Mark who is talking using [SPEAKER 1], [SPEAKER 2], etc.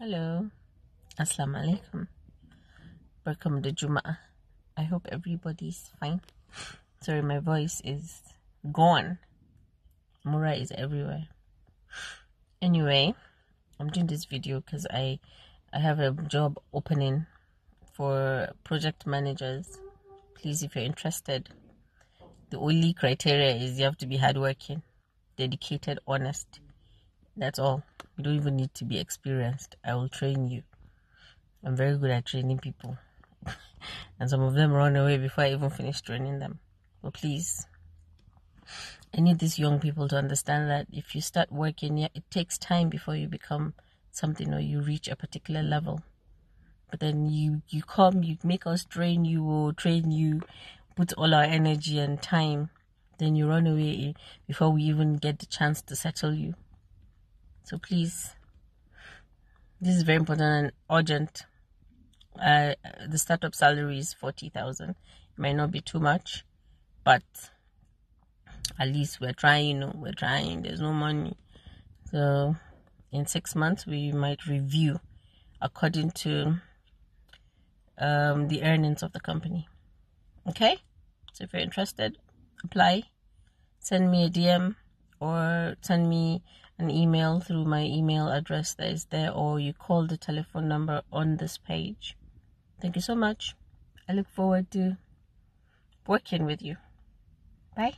[SPEAKER 1] Hello, Assalamu alaikum. Welcome to Jum'ah. I hope everybody's fine. Sorry, my voice is gone. Mura is everywhere. Anyway, I'm doing this video because I, I have a job opening for project managers. Please, if you're interested, the only criteria is you have to be hardworking, dedicated, honest. That's all. You don't even need to be experienced. I will train you. I'm very good at training people. and some of them run away before I even finish training them. But please, I need these young people to understand that if you start working, it takes time before you become something or you reach a particular level. But then you you come, you make us train you or train you, put all our energy and time. Then you run away before we even get the chance to settle you so please this is very important and urgent uh, the startup salary is 40,000 it might not be too much but at least we're trying you oh, know, we're trying there's no money so in 6 months we might review according to um, the earnings of the company okay so if you're interested apply send me a dm or send me an email through my email address that is there or you call the telephone number on this page. Thank you so much. I look forward to working with you. Bye.